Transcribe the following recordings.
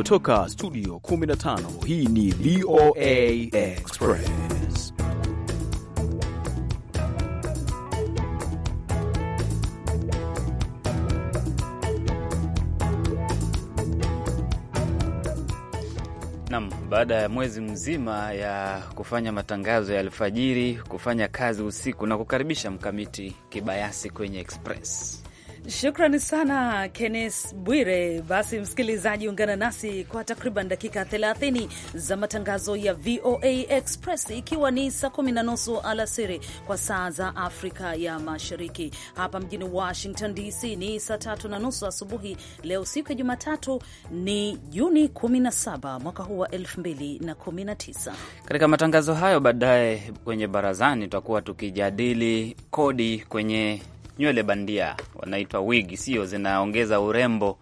Kutoka studio 15 hii ni VOA Express. Nam, baada ya mwezi mzima ya kufanya matangazo ya alfajiri, kufanya kazi usiku na kukaribisha mkamiti kibayasi kwenye Express Shukrani sana Kennes Bwire. Basi msikilizaji, ungana nasi kwa takriban dakika 30 za matangazo ya VOA Express, ikiwa ni saa kumi na nusu alasiri kwa saa za Afrika ya Mashariki. Hapa mjini Washington DC ni saa tatu na nusu asubuhi. Leo siku ya Jumatatu ni Juni 17 mwaka huu wa 2019. Katika matangazo hayo baadaye kwenye barazani, tutakuwa tukijadili kodi kwenye nywele bandia wanaitwa wigi, sio? Zinaongeza urembo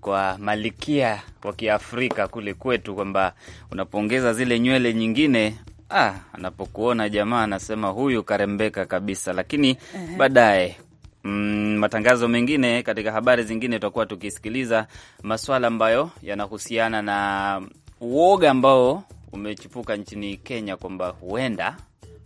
kwa malikia wa Kiafrika kule kwetu, kwamba unapoongeza zile nywele nyingine ah, anapokuona jamaa anasema huyu karembeka kabisa, lakini uh -huh. baadaye Mm, matangazo mengine katika habari zingine tutakuwa tukisikiliza maswala ambayo yanahusiana na uoga ambao umechipuka nchini Kenya kwamba huenda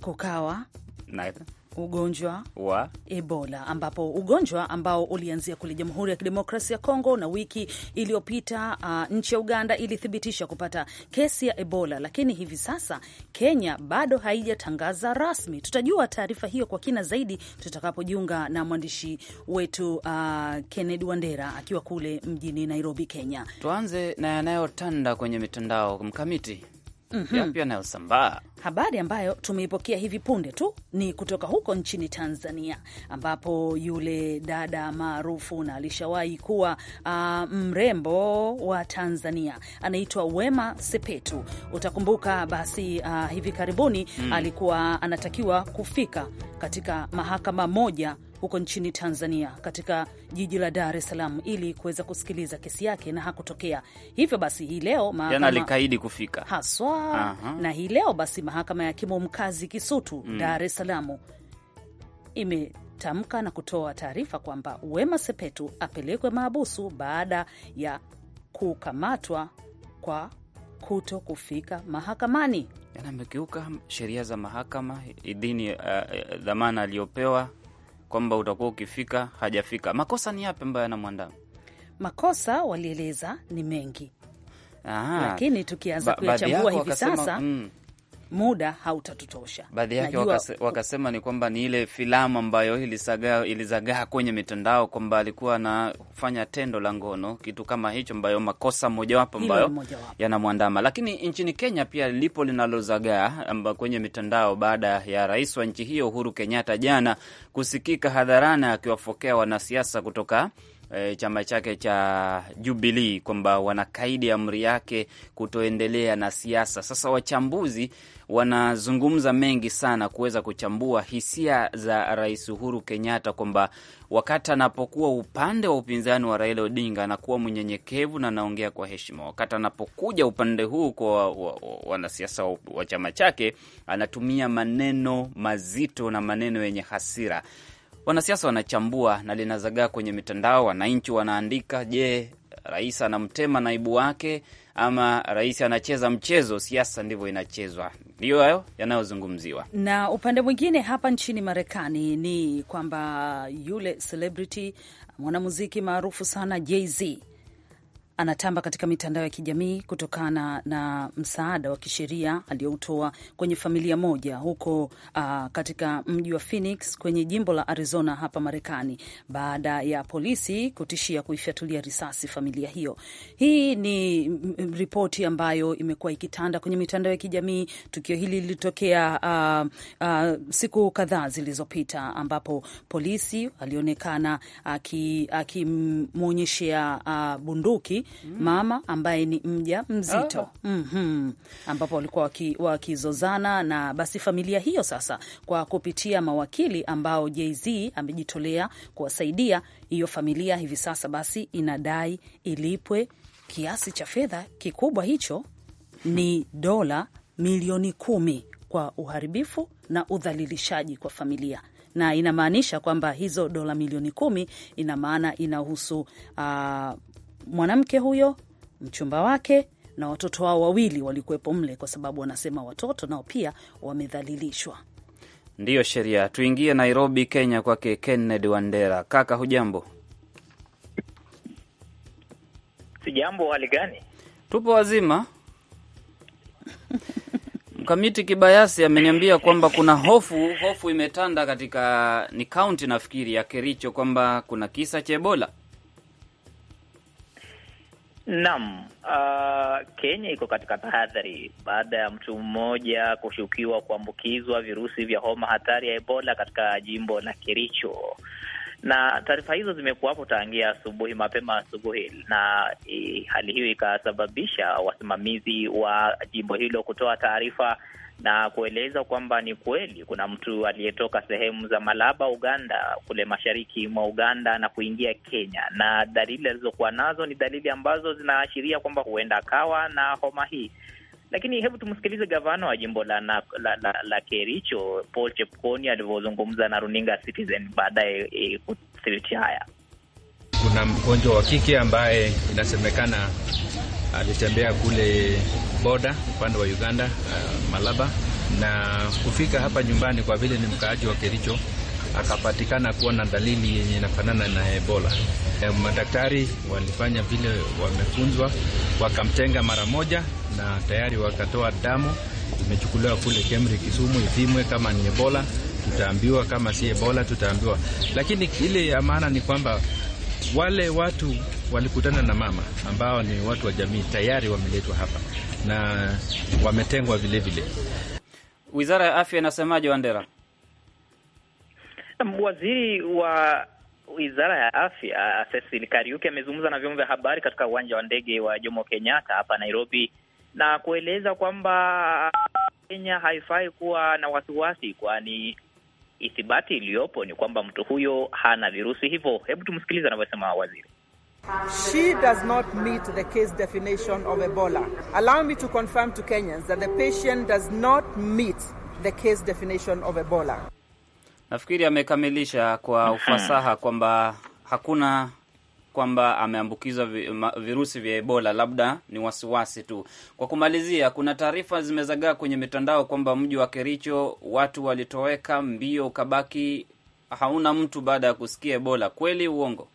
kukawa na ugonjwa wa Ebola, ambapo ugonjwa ambao ulianzia kule Jamhuri ya Kidemokrasia ya Kongo, na wiki iliyopita uh, nchi ya Uganda ilithibitisha kupata kesi ya Ebola, lakini hivi sasa Kenya bado haijatangaza rasmi. Tutajua taarifa hiyo kwa kina zaidi tutakapojiunga na mwandishi wetu uh, Kennedy Wandera akiwa kule mjini Nairobi, Kenya. Tuanze na yanayotanda kwenye mitandao mkamiti mm -hmm. pia inayosambaa. Habari ambayo tumeipokea hivi punde tu ni kutoka huko nchini Tanzania, ambapo yule dada maarufu na alishawahi kuwa uh, mrembo wa Tanzania anaitwa Wema Sepetu. Utakumbuka basi uh, hivi karibuni mm. alikuwa anatakiwa kufika katika mahakama moja huko nchini Tanzania, katika jiji la Dar es Salaam ili kuweza kusikiliza kesi yake na hakutokea. Hivyo basi hii leo mahakama alikaidi kufika haswa. Aha. na hii leo basi mahakama ya hakimu mkazi Kisutu mm. Dar es Salaam ime tamka na kutoa taarifa kwamba Wema Sepetu apelekwe mahabusu baada ya kukamatwa kwa kuto kufika mahakamani. Yaani sheria za mahakama, idhini, uh, dhamana aliyopewa kwamba utakuwa ukifika hajafika. Makosa ni yapi ambayo yanamwandama? Makosa walieleza ni mengi. Aha, lakini tukianza kuyachambua hivi sasa mm, muda hautatutosha. Baadhi yake wakase, wakasema ni kwamba ni ile filamu ambayo ilizagaa ilizagaa kwenye mitandao kwamba alikuwa anafanya tendo la ngono, kitu kama hicho, ambayo makosa mojawapo ambayo yanamwandama. Lakini nchini Kenya pia lipo linalozagaa amba kwenye mitandao baada ya rais wa nchi hiyo Uhuru Kenyatta jana kusikika hadharani akiwafokea wanasiasa kutoka E, chama chake cha Jubilee kwamba wanakaidi amri yake kutoendelea na siasa. Sasa wachambuzi wanazungumza mengi sana kuweza kuchambua hisia za Rais Uhuru Kenyatta kwamba wakati anapokuwa upande wa upinzani wa Raila Odinga anakuwa mnyenyekevu na anaongea kwa heshima, wakati anapokuja upande huu kwa wanasiasa wa, wa, wa, wa chama chake anatumia maneno mazito na maneno yenye hasira. Wanasiasa wanachambua na linazagaa kwenye mitandao, wananchi wanaandika. Je, rais anamtema naibu wake ama rais anacheza mchezo. Siasa ndivyo inachezwa, ndiyo hayo yanayozungumziwa. Na upande mwingine hapa nchini Marekani ni kwamba yule celebrity mwanamuziki maarufu sana Jay-Z anatamba katika mitandao ya kijamii kutokana na msaada wa kisheria aliyoutoa kwenye familia moja huko uh, katika mji wa Phoenix kwenye jimbo la Arizona hapa Marekani baada ya polisi kutishia kuifyatulia risasi familia hiyo. Hii ni ripoti ambayo imekuwa ikitanda kwenye mitandao ya kijamii. Tukio hili lilitokea uh, uh, siku kadhaa zilizopita ambapo polisi alionekana akimwonyeshea aki uh, bunduki Mm. mama ambaye ni mja mzito oh. mm -hmm. ambapo walikuwa wakizozana na basi familia hiyo sasa, kwa kupitia mawakili ambao jz amejitolea kuwasaidia hiyo familia, hivi sasa basi inadai ilipwe kiasi cha fedha kikubwa hicho ni dola milioni kumi kwa uharibifu na udhalilishaji kwa familia na inamaanisha kwamba hizo dola milioni kumi ina maana inahusu uh, mwanamke huyo, mchumba wake na watoto wao wawili walikuwepo mle, kwa sababu wanasema watoto nao pia wamedhalilishwa. Ndiyo sheria. Tuingie Nairobi, Kenya, kwake Kennedy Wandera. Kaka hujambo? Sijambo. Hali gani? Tupo wazima. Mkamiti Kibayasi ameniambia kwamba kuna hofu, hofu imetanda katika ni kaunti nafikiri ya Kericho kwamba kuna kisa cha Ebola. Naam, uh, Kenya iko katika tahadhari baada ya mtu mmoja kushukiwa kuambukizwa virusi vya homa hatari ya Ebola katika jimbo la Kericho na taarifa hizo zimekuwapo tangia asubuhi, mapema asubuhi, na hali hiyo ikasababisha wasimamizi wa jimbo hilo kutoa taarifa na kueleza kwamba ni kweli kuna mtu aliyetoka sehemu za Malaba, Uganda, kule mashariki mwa Uganda na kuingia Kenya, na dalili alizokuwa nazo ni dalili ambazo zinaashiria kwamba huenda akawa na homa hii. Lakini hebu tumsikilize gavana wa jimbo la, la, la, la Kericho Paul Chepkoni alivyozungumza na runinga Citizen baadaye e, kuthibiti haya. Kuna mgonjwa wa kike ambaye inasemekana alitembea kule boda upande wa Uganda uh, Malaba na kufika hapa nyumbani, kwa vile ni mkaaji wa Kericho, akapatikana kuwa na dalili yenye inafanana na Ebola. E, madaktari walifanya vile wamefunzwa, wakamtenga mara moja, na tayari wakatoa damu, imechukuliwa kule Kemri Kisumu ipimwe kama ni Ebola tutaambiwa, kama si Ebola tutaambiwa. Lakini ile ya maana ni kwamba wale watu walikutana na mama ambao ni watu wa jamii tayari wameletwa hapa na wametengwa vilevile. Wizara ya afya inasemaje, Wandera? Waziri wa Wizara ya Afya Cecil Kariuki amezungumza na vyombo vya habari katika uwanja wa ndege wa Jomo Kenyatta hapa Nairobi na kueleza kwamba Kenya haifai kuwa na wasiwasi, kwani ithibati iliyopo ni kwamba mtu huyo hana virusi. Hivyo hebu tumsikilize anavyosema waziri. She does not meet the case definition of Ebola. Allow me to confirm to Kenyans that the patient does not meet the case definition of Ebola. Nafikiri amekamilisha kwa ufasaha kwamba hakuna kwamba ameambukizwa virusi vya Ebola, labda ni wasiwasi tu. Kwa kumalizia, kuna taarifa zimezagaa kwenye mitandao kwamba mji wa Kericho watu walitoweka mbio, ukabaki hauna mtu baada ya kusikia Ebola. Kweli uongo?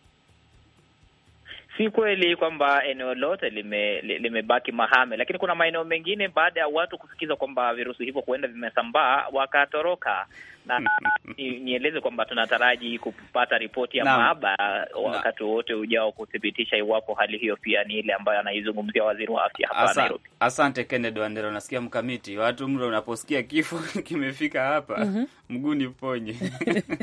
Si kweli kwamba eneo lote limebaki lime mahame, lakini kuna maeneo mengine, baada ya watu kusikiza kwamba virusi hivyo huenda vimesambaa, wakatoroka na nieleze kwamba tunataraji kupata ripoti ya maabara wakati wowote ujao kuthibitisha iwapo hali hiyo pia ni ile ambayo anaizungumzia waziri wa afya hapa Asa, Nairobi. Asante Kennedy Wandera, nasikia mkamiti watu mro, unaposikia kifo kimefika hapa mm -hmm. mguni ponye.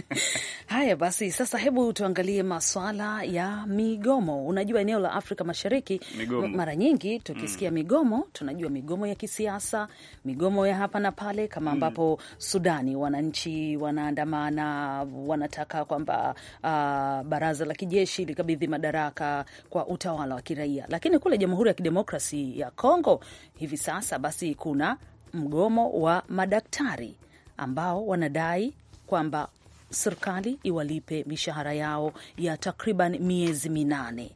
Haya basi, sasa hebu tuangalie maswala ya migomo. Unajua eneo la Afrika Mashariki migomo. Mara nyingi tukisikia mm. migomo tunajua migomo ya kisiasa, migomo ya hapa na pale, kama mm. ambapo mm. Sudani wananchi wanaandamana, wanataka kwamba uh, baraza la kijeshi likabidhi madaraka kwa utawala wa kiraia. Lakini kule Jamhuri ya Kidemokrasi ya Kongo hivi sasa basi kuna mgomo wa madaktari ambao wanadai kwamba serikali iwalipe mishahara yao ya takriban miezi minane.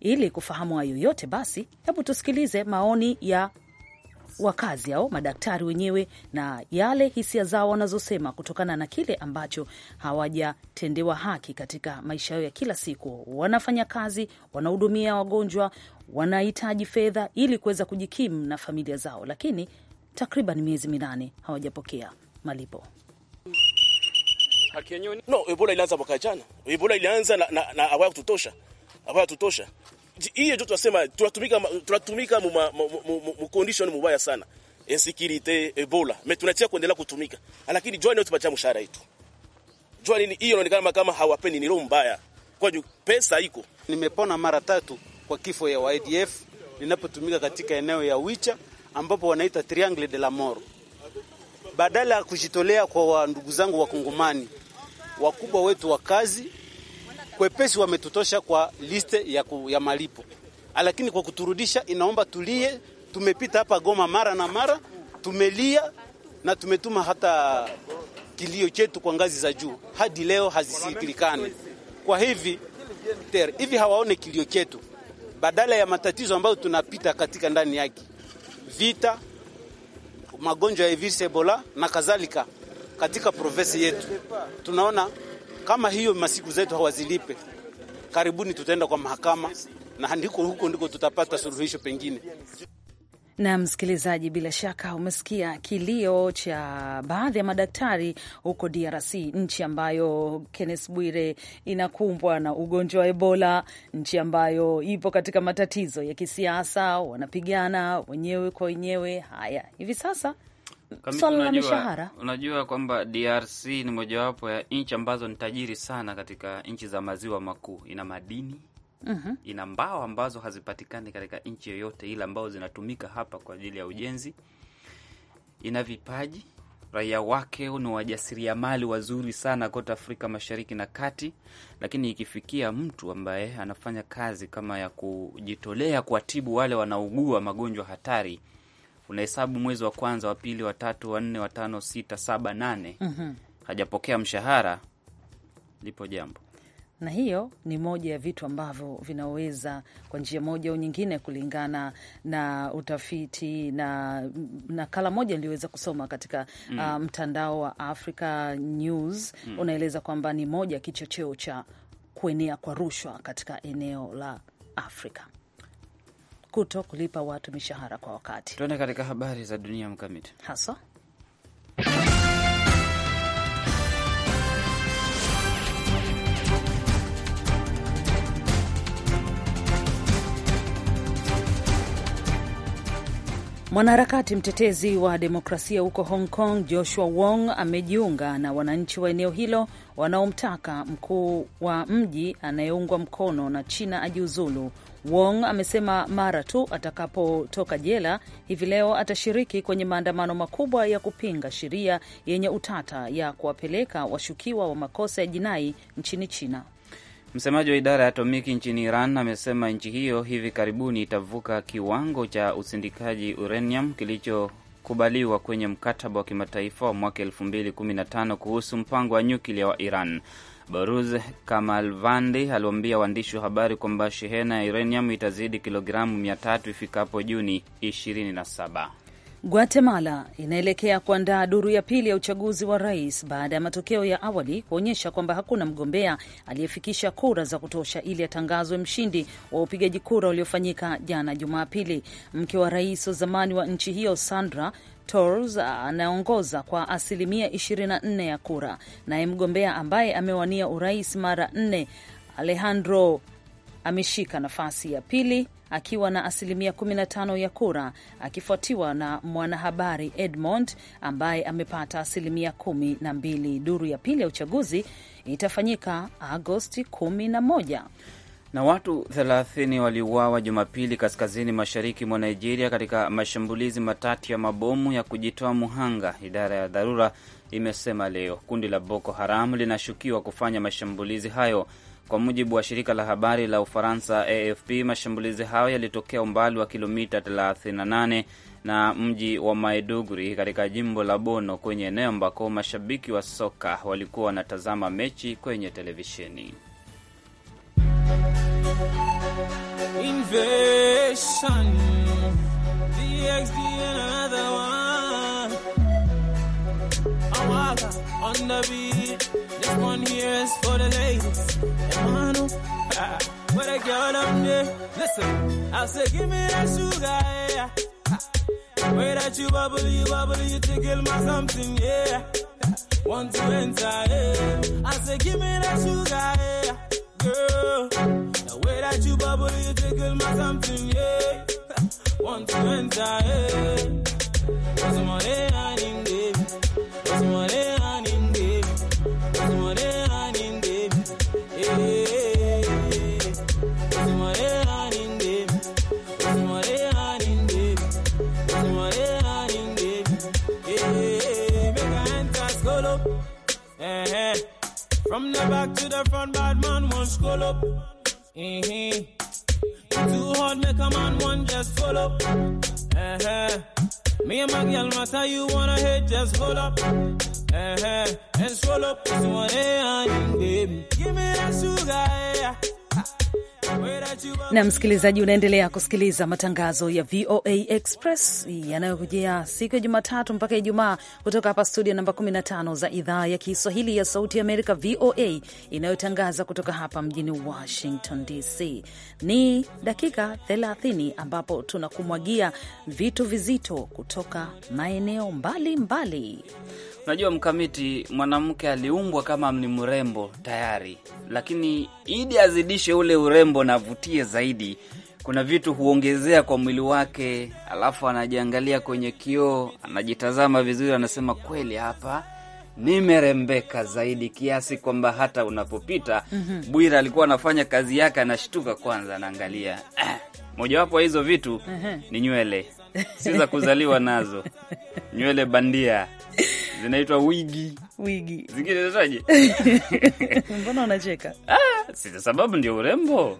Ili kufahamu hayo yote, basi hebu tusikilize maoni ya wa kazi au madaktari wenyewe na yale hisia zao wanazosema kutokana na kile ambacho hawajatendewa haki katika maisha yao ya kila siku. Wanafanya kazi, wanahudumia wagonjwa, wanahitaji fedha ili kuweza kujikimu na familia zao, lakini takriban miezi minane hawajapokea malipo. Haki yenyewe no, Ebola ilianza mwaka jana. Ebola ilianza na, na, na awaya kututosha, awaya kututosha hiyo ndio tunasema tunatumika tunatumika mu condition mubaya sana, insecurity Ebola, me tunachia kuendelea kutumika, lakini join yote tupatia mshahara yetu jua nini hiyo, inaonekana kama hawapendi, ni roho mbaya, kwa juu pesa iko. Nimepona mara tatu kwa kifo ya YDF ninapotumika katika eneo ya Wicha ambapo wanaita Triangle de la Mort, badala ya kujitolea kwa ndugu zangu wa Kongomani wakubwa wetu wa kazi wepesi wametutosha kwa liste ya, ku, ya malipo, ah, lakini kwa kuturudisha inaomba tulie. Tumepita hapa Goma mara na mara, tumelia na tumetuma hata kilio chetu kwa ngazi za juu, hadi leo hazisikilikane. Kwa hivi ter, hivi hawaone kilio chetu, badala ya matatizo ambayo tunapita katika ndani yake, vita, magonjwa ya virusi Ebola na kadhalika katika provinsi yetu tunaona kama hiyo masiku zetu hawazilipe, karibuni tutaenda kwa mahakama na ndiko huko ndiko tutapata suluhisho pengine. Na msikilizaji, bila shaka umesikia kilio cha baadhi ya madaktari huko DRC, nchi ambayo kennes Bwire inakumbwa na ugonjwa wa Ebola, nchi ambayo ipo katika matatizo ya kisiasa, wanapigana wenyewe kwa wenyewe. Haya, hivi sasa swala la mishahara. Unajua kwamba DRC ni mojawapo ya nchi ambazo ni tajiri sana katika nchi za maziwa makuu. Ina madini mm -hmm. ina mbao ambazo hazipatikani katika nchi yoyote ile, ambao zinatumika hapa kwa ajili ya ujenzi. Ina vipaji, raia wake ni wajasiriamali wazuri sana kote Afrika Mashariki na Kati, lakini ikifikia mtu ambaye anafanya kazi kama ya kujitolea kuwatibu wale wanaugua magonjwa hatari unahesabu mwezi wa kwanza, wa pili, wa tatu, wa nne, wa tano, sita, saba, nane, mm -hmm. hajapokea mshahara, lipo jambo na hiyo ni moja ya vitu ambavyo vinaweza kwa njia moja au nyingine, kulingana na utafiti na nakala moja niliyoweza kusoma katika mtandao mm. uh, mtandao wa Africa News mm. unaeleza kwamba ni moja ya kichocheo cha kuenea kwa rushwa katika eneo la Afrika kuto kulipa watu mishahara kwa wakati. Tuende katika habari za dunia mkamiti haswa Mwanaharakati mtetezi wa demokrasia huko Hong Kong Joshua Wong amejiunga na wananchi wa eneo hilo wanaomtaka mkuu wa mji anayeungwa mkono na China ajiuzulu Wong amesema mara tu atakapotoka jela hivi leo atashiriki kwenye maandamano makubwa ya kupinga sheria yenye utata ya kuwapeleka washukiwa wa makosa ya jinai nchini China. Msemaji wa idara ya atomiki nchini Iran amesema nchi hiyo hivi karibuni itavuka kiwango cha usindikaji uranium kilichokubaliwa kwenye mkataba wa kimataifa wa mwaka 2015 kuhusu mpango wa nyuklia wa Iran. Boruz Kamalvandi aliwaambia waandishi wa habari kwamba shehena ya uranium itazidi kilogramu 300 ifikapo Juni 27. Guatemala inaelekea kuandaa duru ya pili ya uchaguzi wa rais baada ya matokeo ya awali kuonyesha kwamba hakuna mgombea aliyefikisha kura za kutosha ili atangazwe mshindi wa upigaji kura uliofanyika jana Jumapili. Mke wa rais wa zamani wa nchi hiyo Sandra Tolls ah, anaongoza kwa asilimia 24 ya kura, naye mgombea ambaye amewania urais mara nne Alejandro ameshika nafasi ya pili akiwa na asilimia 15 ya kura akifuatiwa na mwanahabari Edmond ambaye amepata asilimia kumi na mbili. Duru ya pili ya uchaguzi itafanyika Agosti 11. Na watu 30 waliuawa Jumapili kaskazini mashariki mwa Nigeria katika mashambulizi matatu ya mabomu ya kujitoa muhanga, idara ya dharura imesema leo. Kundi la Boko Haram linashukiwa kufanya mashambulizi hayo. Kwa mujibu wa shirika la habari la Ufaransa AFP, mashambulizi hayo yalitokea umbali wa kilomita 38 na mji wa Maiduguri katika jimbo la Bono, kwenye eneo ambako mashabiki wa soka walikuwa wanatazama mechi kwenye televisheni. Invasion. DXD another one. Awaga on the beat. This one here is for the ladies. Emmanuel, oh. ah, what a girl am there. Listen, I say give me that sugar, yeah. Ah, way that you bubble, you bubble, you tickle my something, yeah. Ah, want to enter, yeah. I say, give me that sugar, yeah girl. The way that you bubble, you tickle my something, yeah. Want to enter, yeah. Cause I'm on to the front, bad man, one scroll up. Mm-hmm. Too hard, make a man, one just fall up. Uh-huh. Me and my girl, matter. you wanna hit, just hold up. Uh-huh. And swallow up this one, hey, baby. Give me that sugar, yeah. na msikilizaji, unaendelea kusikiliza matangazo ya VOA Express yanayokujia siku ya Jumatatu mpaka Ijumaa kutoka hapa studio namba 15 za idhaa ya Kiswahili ya Sauti ya Amerika, VOA, inayotangaza kutoka hapa mjini Washington DC. Ni dakika 30 ambapo tunakumwagia vitu vizito kutoka maeneo mbalimbali. Unajua Mkamiti, mwanamke aliumbwa kama ni mrembo tayari, lakini ili azidishe ule urembo mambo na avutie zaidi. Kuna vitu huongezea kwa mwili wake, alafu anajiangalia kwenye kioo, anajitazama vizuri, anasema kweli hapa nimerembeka zaidi kiasi kwamba hata unapopita mm -hmm. Bwira alikuwa anafanya kazi yake, anashtuka kwanza, anaangalia ah. Mojawapo ya hizo vitu mm -hmm. ni nywele si za kuzaliwa nazo, nywele bandia zinaitwa wigi wigi, zingine Mbona unacheka? Ah, sababu ndio urembo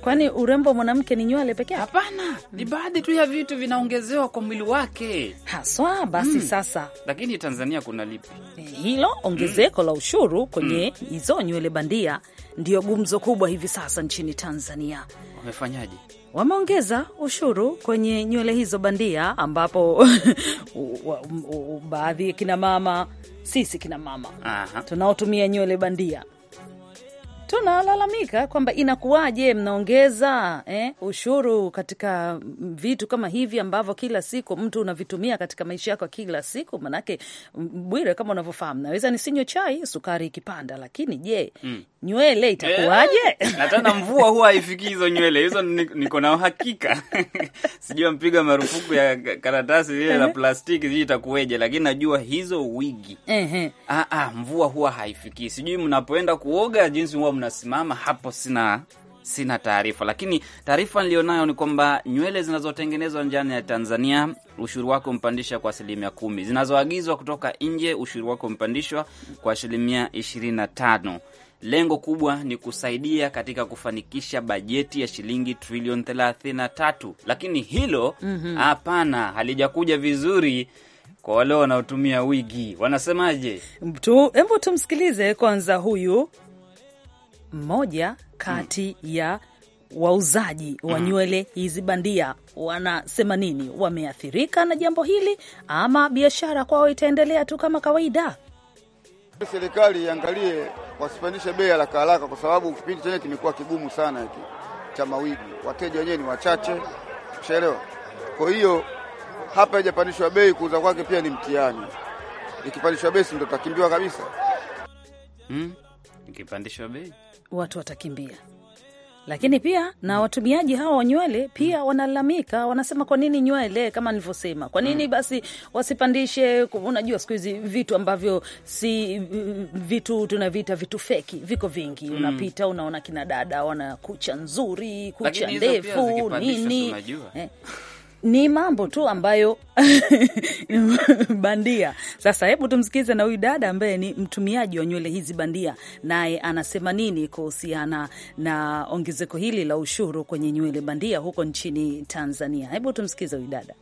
Kwani urembo mwanamke ni nywele pekee? Hapana, ni baadhi tu ya vitu vinaongezewa kwa mwili wake haswa. Basi mm. Sasa lakini Tanzania kuna lipi eh, hilo ongezeko mm. la ushuru kwenye hmm. hizo mm. nywele bandia? Ndiyo gumzo kubwa hivi sasa nchini Tanzania. Wamefanyaje? wameongeza ushuru kwenye nywele hizo bandia, ambapo baadhi ya kinamama, sisi kinamama tunaotumia nywele bandia tunalalamika kwamba inakuwaje mnaongeza eh, ushuru katika vitu kama hivi ambavyo kila siku mtu unavitumia katika maisha yako kila siku. Manake Bwire, kama unavyofahamu, naweza nisinywe chai sukari ikipanda, lakini je, mm nywele itakuwaje? Yeah. na tena mvua huwa haifiki hizo nywele hizo, niko na uhakika sijui mpiga marufuku ya karatasi lile la plastiki sijui itakuweje, lakini najua hizo wigi ah, ah, mvua huwa haifikii. Sijui mnapoenda kuoga jinsi huwa mnasimama hapo, sina sina taarifa, lakini taarifa nilionayo ni kwamba nywele zinazotengenezwa ndani ya Tanzania ushuru wake umepandishwa kwa asilimia kumi, zinazoagizwa kutoka nje ushuru wake umepandishwa kwa asilimia ishirini na tano. Lengo kubwa ni kusaidia katika kufanikisha bajeti ya shilingi trilioni 33, lakini hilo mhm. hapana, mm -hmm. halijakuja vizuri kwa wale wanaotumia wigi. Wanasemaje? Hebu tumsikilize kwanza huyu mmoja kati mm. ya wauzaji wa mm. nywele hizi bandia wanasema nini? Wameathirika na jambo hili ama biashara kwao itaendelea tu kama kawaida? Serikali iangalie wasipandishe bei haraka haraka, kwa sababu kipindi chenyewe kimekuwa kigumu sana hiki cha mawigi, wateja wenyewe ni wachache, ushaelewa. Kwa hiyo hapa haijapandishwa bei, kuuza kwake pia ni mtihani. Ikipandishwa bei, si ndo takimbiwa kabisa? Hmm, ikipandishwa bei watu watakimbia. Lakini pia na watumiaji hawa wa nywele pia mm. wanalalamika, wanasema kwa nini nywele kama nilivyosema, kwa nini mm. basi wasipandishe? Unajua siku hizi vitu ambavyo si vitu tunaviita vitu feki viko vingi, mm. unapita unaona kina dada wana kucha nzuri, kucha ndefu nini eh. ni mambo tu ambayo bandia. Sasa hebu tumsikize na huyu dada ambaye ni mtumiaji wa nywele hizi bandia, naye anasema nini kuhusiana na ongezeko hili la ushuru kwenye nywele bandia huko nchini Tanzania. Hebu tumsikize huyu dada.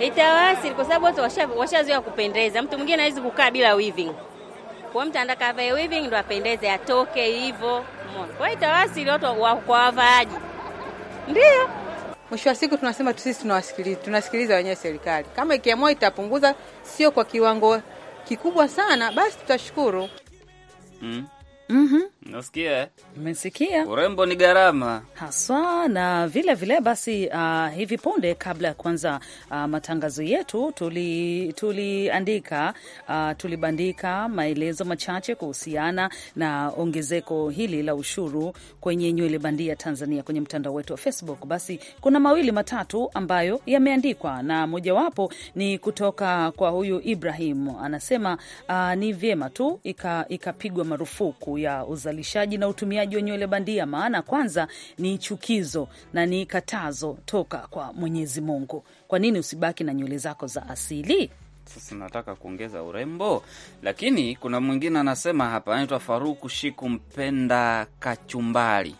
Itawasili kwa sababu watu washazoea kupendeza. Mtu mwingine hawezi kukaa bila weaving, kwa mtu anataka avae weaving ndo apendeze, atoke hivyo. Kwa hiyo watu kwa wavaaji, ndio Mwisho wa siku tunasema sisi tunawasikiliza, tunasikiliza wenyewe serikali. Kama ikiamua itapunguza, sio kwa kiwango kikubwa sana, basi tutashukuru. mm. Mm -hmm. Nasikia urembo ni gharama haswa. Na vile vile basi, uh, hivi punde kabla ya kuanza uh, matangazo yetu tuliandika tuli uh, tulibandika maelezo machache kuhusiana na ongezeko hili la ushuru kwenye nywele bandia Tanzania kwenye mtandao wetu wa Facebook. Basi kuna mawili matatu ambayo yameandikwa na mojawapo ni kutoka kwa huyu Ibrahim anasema, uh, ni vyema tu ikapigwa ika marufuku ya uzalishaji na utumiaji wa nywele bandia, maana kwanza ni chukizo na ni katazo toka kwa Mwenyezi Mungu. Kwa nini usibaki na nywele zako za asili? Sasa nataka kuongeza urembo, lakini kuna mwingine anasema hapa, anaitwa Faruku Shiku Mpenda Kachumbali,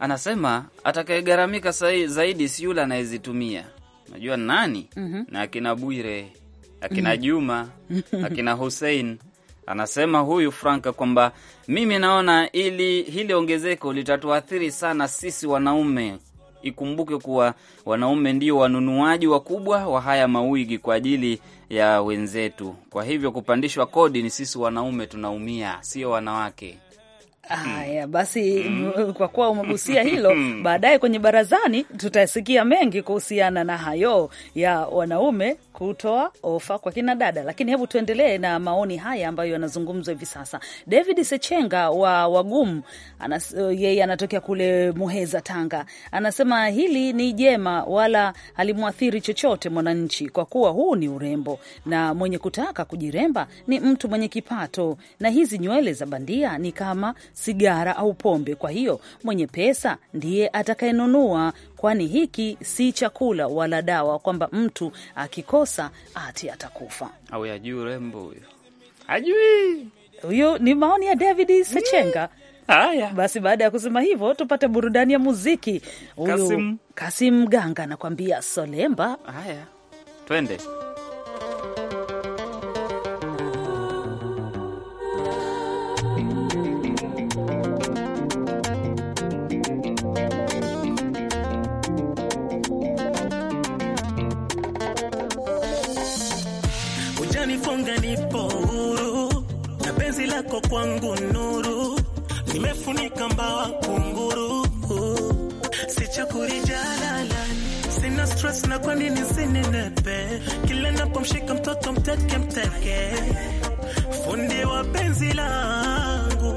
anasema atakaegaramika zaidi si yule anayezitumia. Najua nani? mm -hmm. na akina Bwire, akina mm -hmm. Juma, akina Hussein Anasema huyu Franka kwamba mimi naona ili hili ongezeko litatuathiri sana sisi wanaume. Ikumbuke kuwa wanaume ndio wanunuaji wakubwa wa haya mawigi kwa ajili ya wenzetu. Kwa hivyo kupandishwa kodi, ni sisi wanaume tunaumia, sio wanawake. Mm. Haya ah, basi, mm. Kwa kuwa umegusia hilo, mm. baadaye kwenye barazani tutasikia mengi kuhusiana na hayo ya wanaume kutoa ofa kwa kina dada, lakini hebu tuendelee na maoni haya ambayo yanazungumzwa hivi sasa. David Sechenga wa Wagumu anas, yeye anatokea kule Muheza, Tanga, anasema hili ni jema, wala halimwathiri chochote mwananchi, kwa kuwa huu ni urembo na mwenye kutaka kujiremba ni mtu mwenye kipato, na hizi nywele za bandia ni kama sigara au pombe. Kwa hiyo mwenye pesa ndiye atakayenunua, kwani hiki si chakula wala dawa, kwamba mtu akikosa ati atakufa. Au yajui rembo huyo, ajui huyo. Ni maoni ya David Sechenga. Mm. Haya basi, baada ya kusema hivyo, tupate burudani ya muziki. Huyu Kasim Ganga anakuambia Solemba. Haya twende. lako kwangu nuru, nimefunika mbawa kunguru, sichakuri jalala, sina stress na kwa nini sinenepe, kila napomshika mtoto mteke mteke, fundi wa penzi langu,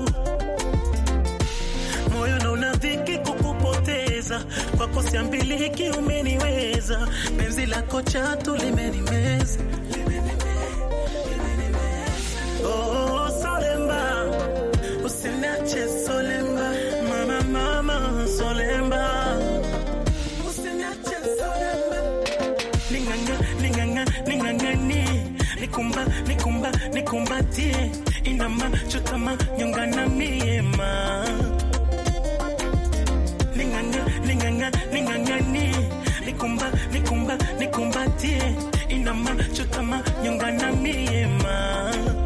moyo na unadhiki kukupoteza, kwa kwako hiki umeniweza, penzi lako chatu limenimeza niache solemba, mama mama solemba, usiniache solemba, ninganga ninganga ningangani, nikumba nikumba nikumbatie, inama nyongana miema, ninganga ninganga ningangani, nikumba nikumba nikumbatie, inama chutama nyongana miema.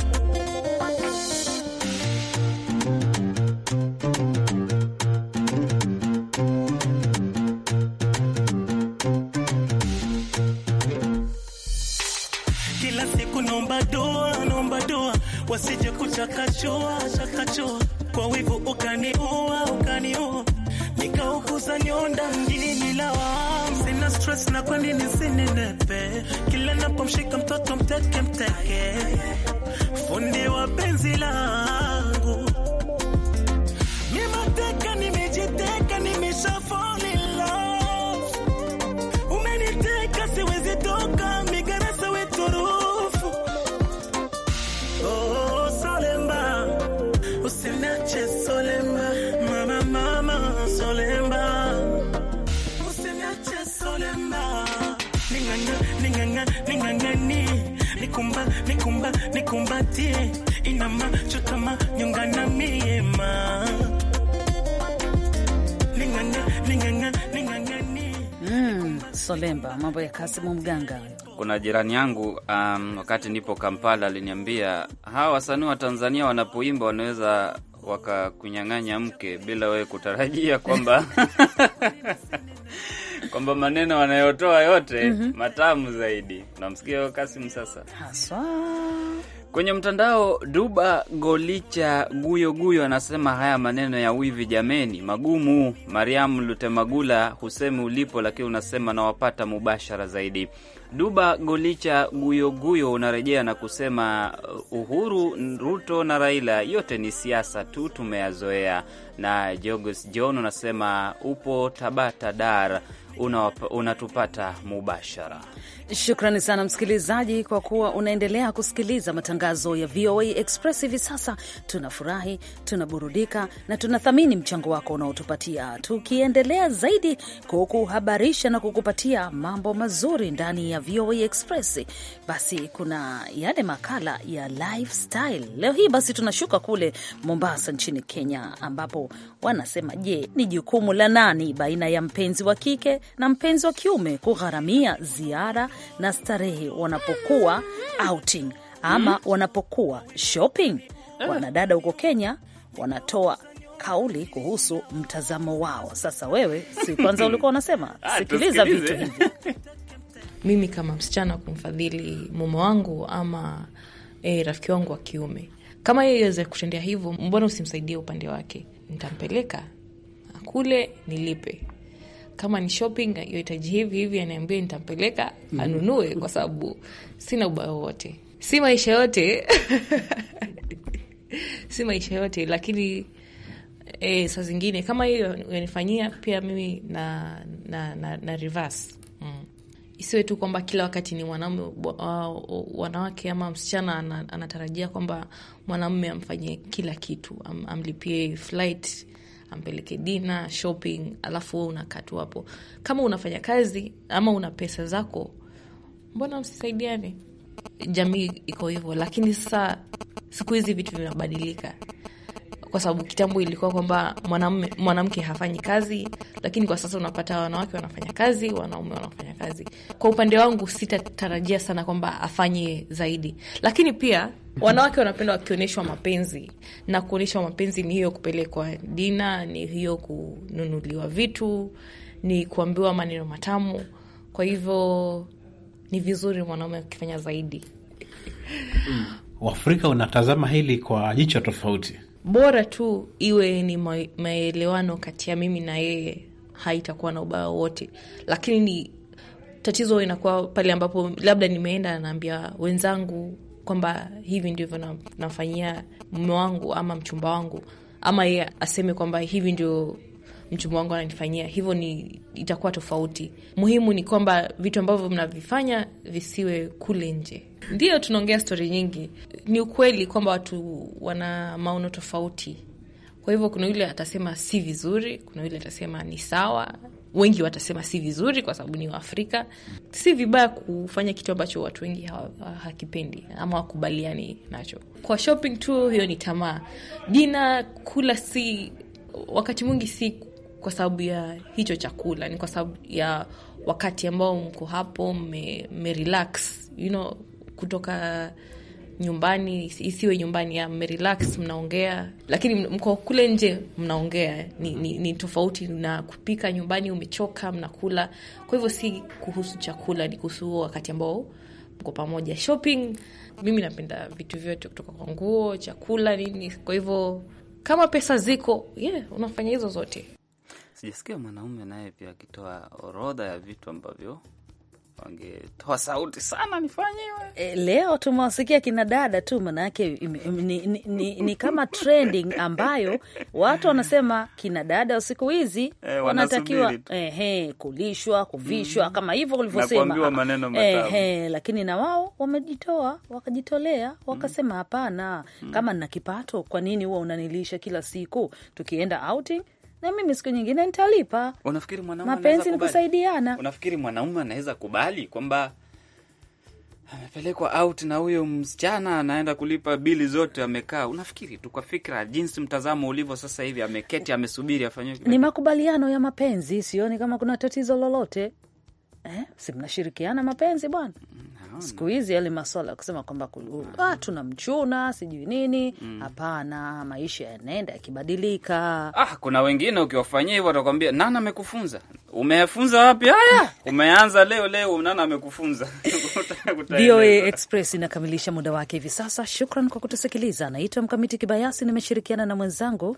kila siku nomba doa, nomba doa, wasije kuchakachoa chakachoa, kwa wivu ukaniua, ukaniua, nikaukuza nyonda mjini nilawa, sina stress na kwa nini sininepe, kila napomshika mtoto mteke mteke, fundi wa penzi la inama Mm, Solemba, mambo ya Kasimu Mganga. Kuna jirani yangu um, wakati nipo Kampala aliniambia hawa wasanii wa Tanzania wanapoimba wanaweza wakakunyang'anya mke bila wewe kutarajia kwamba kwamba maneno wanayotoa yote mm -hmm. matamu zaidi. Unamsikia Kasimu sasa haswa Kwenye mtandao Duba Golicha Guyo Guyo anasema haya maneno ya wivi jameni, magumu. Mariamu Lutemagula husemi ulipo, lakini unasema nawapata mubashara zaidi. Duba Golicha Guyo Guyo unarejea na kusema Uhuru, Ruto na Raila yote ni siasa tu, tumeyazoea. Na Jogos John unasema upo Tabata Dar, unatupata mubashara Shukrani sana msikilizaji, kwa kuwa unaendelea kusikiliza matangazo ya VOA Express. Hivi sasa tunafurahi, tunaburudika na tunathamini mchango wako unaotupatia, tukiendelea zaidi kukuhabarisha na kukupatia mambo mazuri ndani ya VOA Express. Basi kuna yale makala ya lifestyle. Leo hii basi tunashuka kule Mombasa nchini Kenya, ambapo wanasema je, ni jukumu la nani baina ya mpenzi wa kike na mpenzi wa kiume kugharamia ziara na starehe wanapokuwa outing ama mm, wanapokuwa shopping. Eh. Wanadada huko Kenya wanatoa kauli kuhusu mtazamo wao. Sasa wewe, si kwanza ulikuwa unasema ah, sikiliza vitu hivi mimi kama msichana kumfadhili mume wangu ama eh, rafiki wangu wa kiume, kama yeye aweza kutendea hivyo, mbona usimsaidie upande wake? Nitampeleka kule nilipe, kama ni shopping yohitaji hivi hivi, aniambie nitampeleka anunue, kwa sababu sina ubaya wowote. Si maisha yote si maisha yote, lakini e, saa zingine kama hiyo yanifanyia pia mimi na, na, na, na reverse mm. Isiwe tu kwamba kila wakati ni mwanamume wanawake ama msichana anatarajia kwamba mwanamume amfanyie kila kitu, am, amlipie flight ampeleke dina, shopping, alafu we unakaa tu hapo. Kama unafanya kazi ama una pesa zako, mbona msisaidiane? Jamii iko hivyo, lakini sasa siku hizi vitu vinabadilika kwa sababu kitambo ilikuwa kwamba mwanamke hafanyi kazi, lakini kwa sasa unapata wanawake wanafanya kazi, wanaume wanafanya kazi. Kwa upande wangu, sitatarajia sana kwamba afanye zaidi, lakini pia wanawake wanapenda wakionyeshwa mapenzi na kuonyeshwa mapenzi ni hiyo kupelekwa dina, ni hiyo kununuliwa vitu, ni kuambiwa maneno matamu. Kwa hivyo ni vizuri mwanaume akifanya zaidi. Mm. Waafrika unatazama hili kwa jicho tofauti. Bora tu iwe ni maelewano kati ya mimi na yeye, haitakuwa na ubaya wowote, lakini ni tatizo inakuwa pale ambapo labda nimeenda naambia wenzangu kwamba hivi ndivyo na, nafanyia mume wangu ama mchumba wangu, ama yeye aseme kwamba hivi ndio mchumba wangu ananifanyia hivyo, ni itakuwa tofauti. Muhimu ni kwamba vitu ambavyo mnavifanya visiwe kule nje. Ndio tunaongea stori nyingi. Ni ukweli kwamba watu wana maono tofauti, kwa hivyo kuna yule atasema si vizuri, kuna yule atasema ni sawa wengi watasema si vizuri, kwa sababu ni Waafrika. Si vibaya kufanya kitu ambacho watu wengi hakipendi ama wakubaliani nacho. Kwa shopping tu, hiyo ni tamaa. Jina kula si wakati mwingi si kwa sababu ya hicho chakula, ni kwa sababu ya wakati ambao mko hapo, mmerelax you know, kutoka nyumbani, isiwe nyumbani ya mmerelax, mnaongea, lakini mko kule nje mnaongea. Ni, ni, ni tofauti na kupika nyumbani, umechoka, mnakula. Kwa hivyo si kuhusu chakula, ni kuhusu huo wakati ambao mko pamoja. Shopping, mimi napenda vitu vyote kutoka kwa nguo, chakula, nini. Kwa hivyo kama pesa ziko, yeah, unafanya hizo zote. Sijasikia mwanaume naye pia akitoa orodha ya vitu ambavyo wangetoa sauti sana nifanyiwe. E, leo tumewasikia kina dada tu, manake ni, ni, ni, ni kama trending ambayo watu wanasema kina dada usiku hizi e, wanatakiwa e, he, kulishwa kuvishwa mm, kama hivyo ulivyosema maneno e, he, lakini na wao wamejitoa wakajitolea wakasema hapana, mm. mm, kama nina kipato, kwa nini huwa unanilisha kila siku tukienda outing na mimi siku nyingine nitalipa. Unafikiri mwanaume mapenzi ni kusaidiana? Unafikiri mwanaume anaweza kubali kwamba amepelekwa out na huyo msichana anaenda kulipa bili zote, amekaa. Unafikiri tu kwa fikra, jinsi mtazamo ulivyo sasa hivi, ameketi amesubiri afanywe. Ni makubaliano ya mapenzi, sioni kama kuna tatizo lolote eh? Si mnashirikiana mapenzi bwana. Mm, siku hizi yale maswala ya kusema kwamba mm. ah, tunamchuna sijui nini, mm. hapana. Mm. Maisha yanaenda yakibadilika. Ah, kuna wengine ukiwafanyia hivyo watakwambia nana amekufunza. Umefunza wapi haya? Umeanza leo leo, nana amekufunza. VOA Express inakamilisha muda wake hivi sasa. Shukran kwa kutusikiliza. Naitwa Mkamiti Kibayasi, nimeshirikiana na mwenzangu